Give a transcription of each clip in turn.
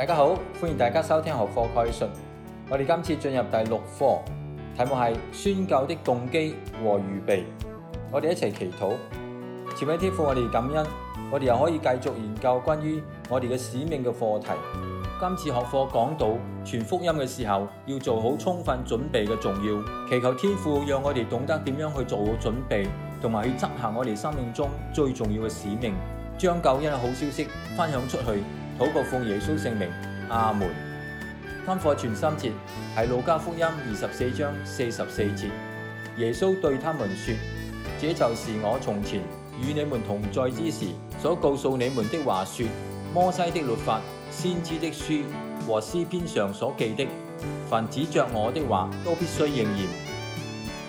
大家好，歡迎大家收聽學課快訊。我哋今次進入第六課，題目係宣教的動機和預備。我哋一齊祈禱，前喺天父，我哋感恩。我哋又可以繼續研究關於我哋嘅使命嘅課題。今次學課講到傳福音嘅時候，要做好充分準備嘅重要。祈求天父讓我哋懂得點樣去做好準備，同埋去執行我哋生命中最重要嘅使命，將救恩嘅好消息分享出去。禱告奉耶穌聖名，阿門。參課全三節係《路加福音》二十四章四十四節。耶穌對他們說：這就是我從前與你們同在之時所告訴你們的話說，說摩西的律法、先知的書和詩篇上所記的，凡指着我的話都必須應驗。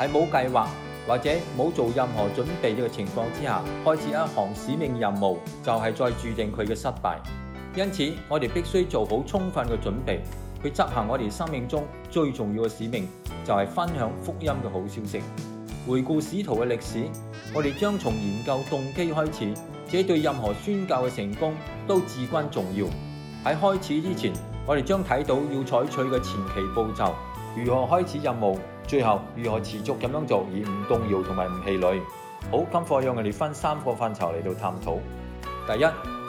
喺冇計劃或者冇做任何準備嘅情況之下，開始一項使命任務，就係、是、在注定佢嘅失敗。因此，我哋必須做好充分嘅準備去執行我哋生命中最重要嘅使命，就係分享福音嘅好消息。回顧使徒嘅歷史，我哋將從研究動機開始，這對任何宣教嘅成功都至關重要。喺開始之前，我哋將睇到要採取嘅前期步驟，如何開始任務，最後如何持續咁樣做而唔動搖同埋唔氣餒。好，今課讓我哋分三個範疇嚟探討：第一，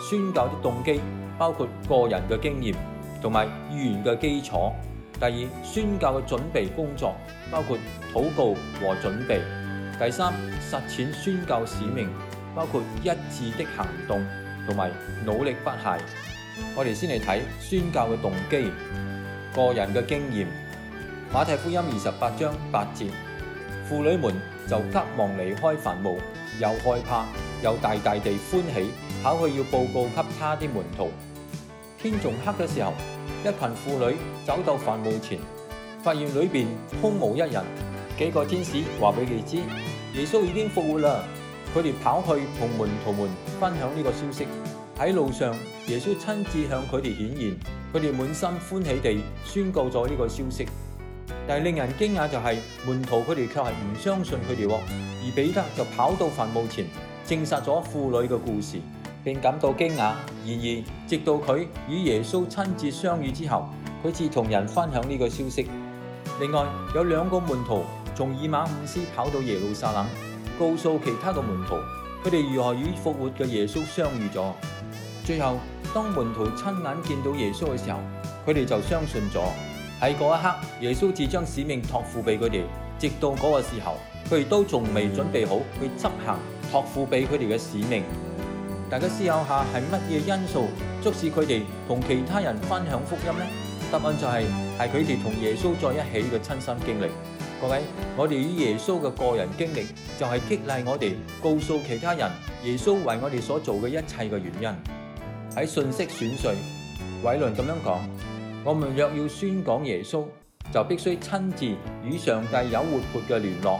宣教的動機。包括個人嘅經驗同埋語言嘅基礎。第二，宣教嘅準備工作，包括禱告和準備。第三，實踐宣教使命，包括一致的行動同埋努力不懈。我哋先嚟睇宣教嘅動機，個人嘅經驗。馬太福音二十八章八節，婦女們就急忙離開墳墓，又害怕又大大地歡喜，跑去要報告給他的門徒。天仲黑嘅時候，一群婦女走到墳墓前，發現裏邊空無一人。幾個天使話俾佢哋知，耶穌已經復活啦。佢哋跑去同門徒們分享呢個消息。喺路上，耶穌親自向佢哋顯現，佢哋滿心歡喜地宣告咗呢個消息。但令人驚訝就係，門徒佢哋卻係唔相信佢哋，而彼得就跑到墳墓前證實咗婦女嘅故事。並感到驚訝。然而,而，直到佢與耶穌親自相遇之後，佢至同人分享呢個消息。另外，有兩個門徒從以馬忤斯跑到耶路撒冷，告訴其他嘅門徒佢哋如何與復活嘅耶穌相遇咗。最後，當門徒親眼見到耶穌嘅時候，佢哋就相信咗。喺嗰一刻，耶穌至將使命托付俾佢哋。直到嗰個時候，佢哋都仲未準備好去執行託付俾佢哋嘅使命。大家思考下，係乜嘢因素促使佢哋同其他人分享福音呢？答案就係係佢哋同耶穌在一起嘅親身經歷。各位，我哋與耶穌嘅個人經歷就係、是、激勵我哋告訴其他人耶穌為我哋所做嘅一切嘅原因。喺信息選粹，偉倫咁樣講：，我們若要宣講耶穌，就必須親自與上帝有活潑嘅聯絡，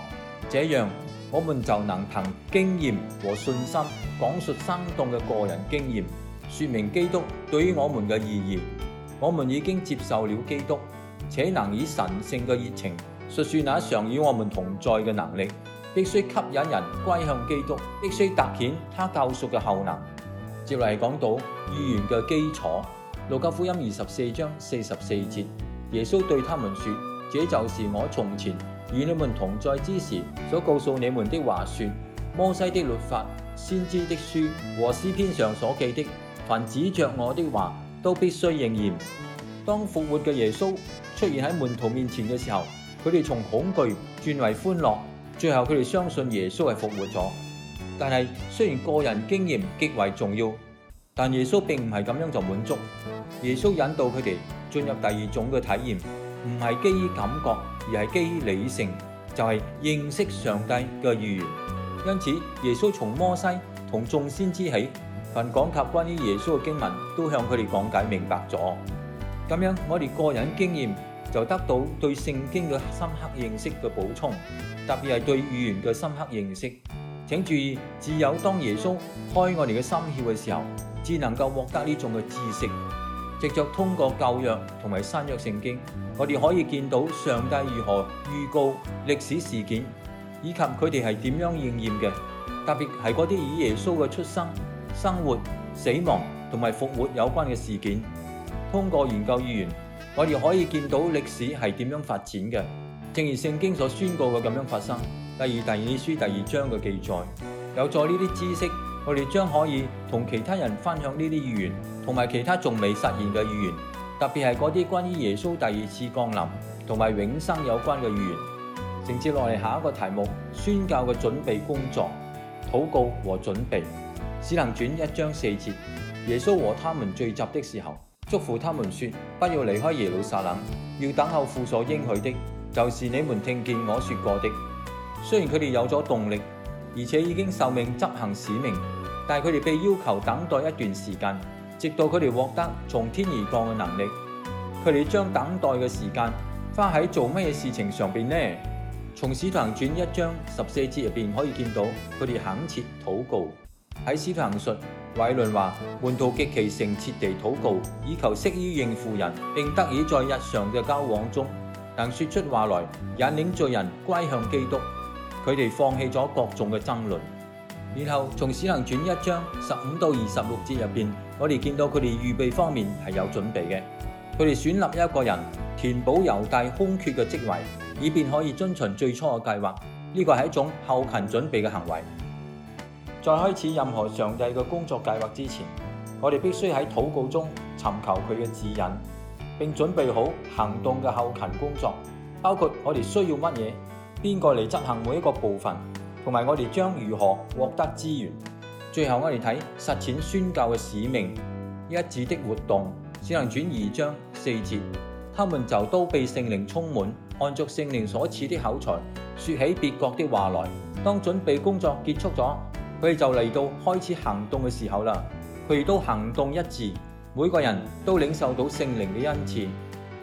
這樣。我們就能憑經驗和信心，講述生動嘅個人經驗，說明基督對於我們嘅意義。我們已經接受了基督，且能以神聖嘅熱情述說那常與我們同在嘅能力，必須吸引人歸向基督，必須凸顯他救贖嘅效能。接嚟係講到預言嘅基礎，路加福音二十四章四十四節，耶穌對他們說：，這就是我從前。與你們同在之時所告訴你們的話說，摩西的律法、先知的書和詩篇上所記的，凡指着我的話，都必須應驗。當復活嘅耶穌出現喺門徒面前嘅時候，佢哋從恐懼轉為歡樂，最後佢哋相信耶穌係復活咗。但係雖然個人經驗極為重要，但耶穌並唔係咁樣就滿足。耶穌引導佢哋進入第二種嘅體驗，唔係基於感覺。而係基於理性，就係、是、認識上帝嘅預言。因此，耶穌從摩西同眾先知起，凡講及關於耶穌嘅經文，都向佢哋講解明白咗。咁樣，我哋個人經驗就得到對聖經嘅深刻認識嘅補充，特別係對預言嘅深刻認識。請注意，只有當耶穌開我哋嘅心竅嘅時候，至能夠獲得呢種嘅知識。藉着通過舊約同埋新約聖經。我哋可以見到上帝如何預告歷史事件，以及佢哋係點樣應驗嘅。特別係嗰啲與耶穌嘅出生、生活、死亡同埋復活有關嘅事件。通過研究預言，我哋可以見到歷史係點樣發展嘅，正如聖經所宣告嘅咁樣發生。例如第二書第二章嘅記載，有咗呢啲知識，我哋將可以同其他人分享呢啲預言同埋其他仲未實現嘅預言。特別係嗰啲關於耶穌第二次降臨同埋永生有關嘅預言。承接落嚟下一個題目：宣教嘅準備工作、禱告和準備。只能轉一章四節。耶穌和他們聚集的時候，囑咐他們說：不要離開耶路撒冷，要等候父所應許的，就是你們聽見我說過的。雖然佢哋有咗動力，而且已經受命執行使命，但係佢哋被要求等待一段時間。直到佢哋獲得從天而降嘅能力，佢哋將等待嘅時間花喺做咩嘢事情上面呢？從使徒行傳一章十四節入面可以見到，佢哋懇切禱告。喺使徒行述，偉倫話：門徒極其誠切地禱告，以求適於應付人，並得以在日常嘅交往中能說出話來，引領罪人歸向基督。佢哋放棄咗各種嘅爭論。然後從使徒行傳一章十五到二十六節入邊，我哋見到佢哋預備方面係有準備嘅。佢哋選立一個人填補猶大空缺嘅職位，以便可以遵循最初嘅計劃。呢、這個係一種後勤準備嘅行為。在開始任何上帝嘅工作計劃之前，我哋必須喺禱告中尋求佢嘅指引，並準備好行動嘅後勤工作，包括我哋需要乜嘢，邊個嚟執行每一個部分。同埋我哋將如何獲得資源？最後我哋睇實踐宣教嘅使命。一致的活動，只能轉二章四節。他們就都被聖靈充滿，按照聖靈所賜的口才，說起別國的話來。當準備工作結束咗，佢哋就嚟到開始行動嘅時候啦。佢哋都行動一致，每個人都領受到聖靈嘅恩賜。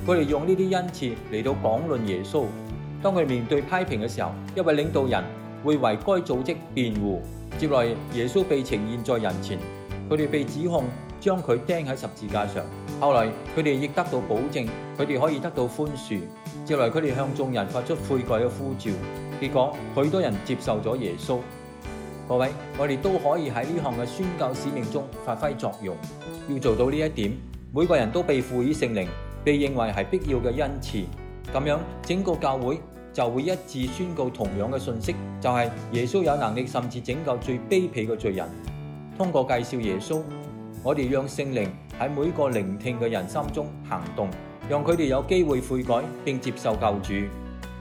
佢哋用呢啲恩賜嚟到講論耶穌。當佢面對批評嘅時候，一位領導人會為該組織辯護。接來耶穌被呈現在人前，佢哋被指控將佢釘喺十字架上。後來佢哋亦得到保證，佢哋可以得到寬恕。接來佢哋向眾人發出悔改嘅呼召，結果許多人接受咗耶穌。各位，我哋都可以喺呢項嘅宣教使命中發揮作用。要做到呢一點，每個人都被賦予聖靈，被認為係必要嘅恩賜。咁樣整個教會。就會一致宣告同樣嘅信息，就係、是、耶穌有能力，甚至拯救最卑鄙嘅罪人。通過介紹耶穌，我哋讓聖靈喺每個聆聽嘅人心中行動，讓佢哋有機會悔改並接受救主。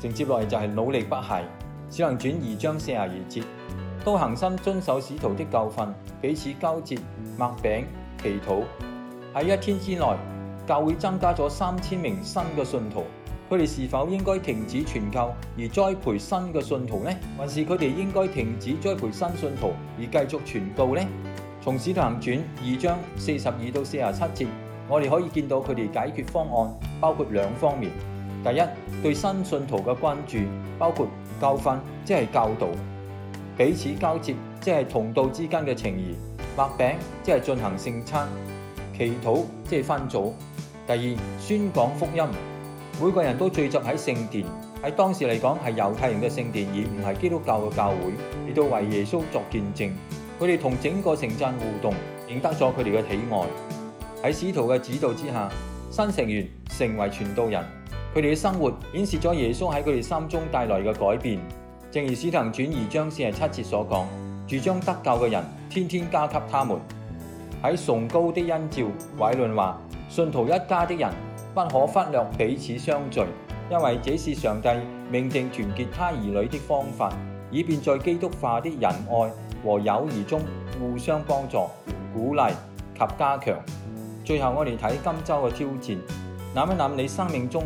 承接落嚟，就係努力不懈，只能轉移章四十二節，都恒心遵守使徒的教訓，彼此交接、擘餅、祈禱。喺一天之內，教會增加咗三千名新嘅信徒。佢哋是否應該停止傳教而栽培新嘅信徒呢？還是佢哋應該停止栽培新信徒而繼續傳道呢？從《使徒行傳》二章四十二到四十七節，我哋可以見到佢哋解決方案包括兩方面：第一，對新信徒嘅關注，包括教訓，即係教導；彼此交接，即係同道之間嘅情誼；擘餅，即係進行聖餐；祈禱，即係分組。第二，宣講福音。每個人都聚集喺聖殿，喺當時嚟講係猶太人嘅聖殿，而唔係基督教嘅教會，嚟到為耶穌作見證。佢哋同整個城鎮互動，贏得咗佢哋嘅喜愛。喺使徒嘅指導之下，新成員成為傳道人，佢哋嘅生活顯示咗耶穌喺佢哋心中帶來嘅改變。正如使徒行傳二章四十七節所講，主將得救嘅人天天加給他們。喺崇高的恩召，拐論話，信徒一家的人。不可忽略彼此相聚，因為這是上帝命定團結他兒女的方法，以便在基督化的仁愛和友誼中互相幫助、鼓勵及加強。最後，我哋睇今周嘅挑戰，諗一諗你生命中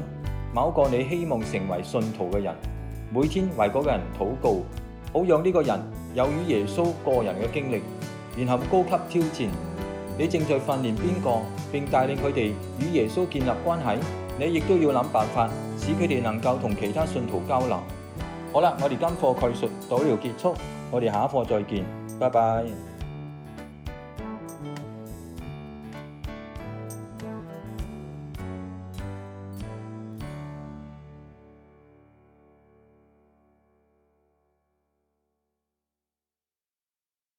某個你希望成為信徒嘅人，每天為嗰個人禱告，好讓呢個人有與耶穌個人嘅經歷，然後高級挑戰。你正在訓練邊個，並帶領佢哋與耶穌建立關係。你亦都要諗辦法，使佢哋能夠同其他信徒交流。好啦，我哋今課概述到呢度結束，我哋下一課再見，拜拜。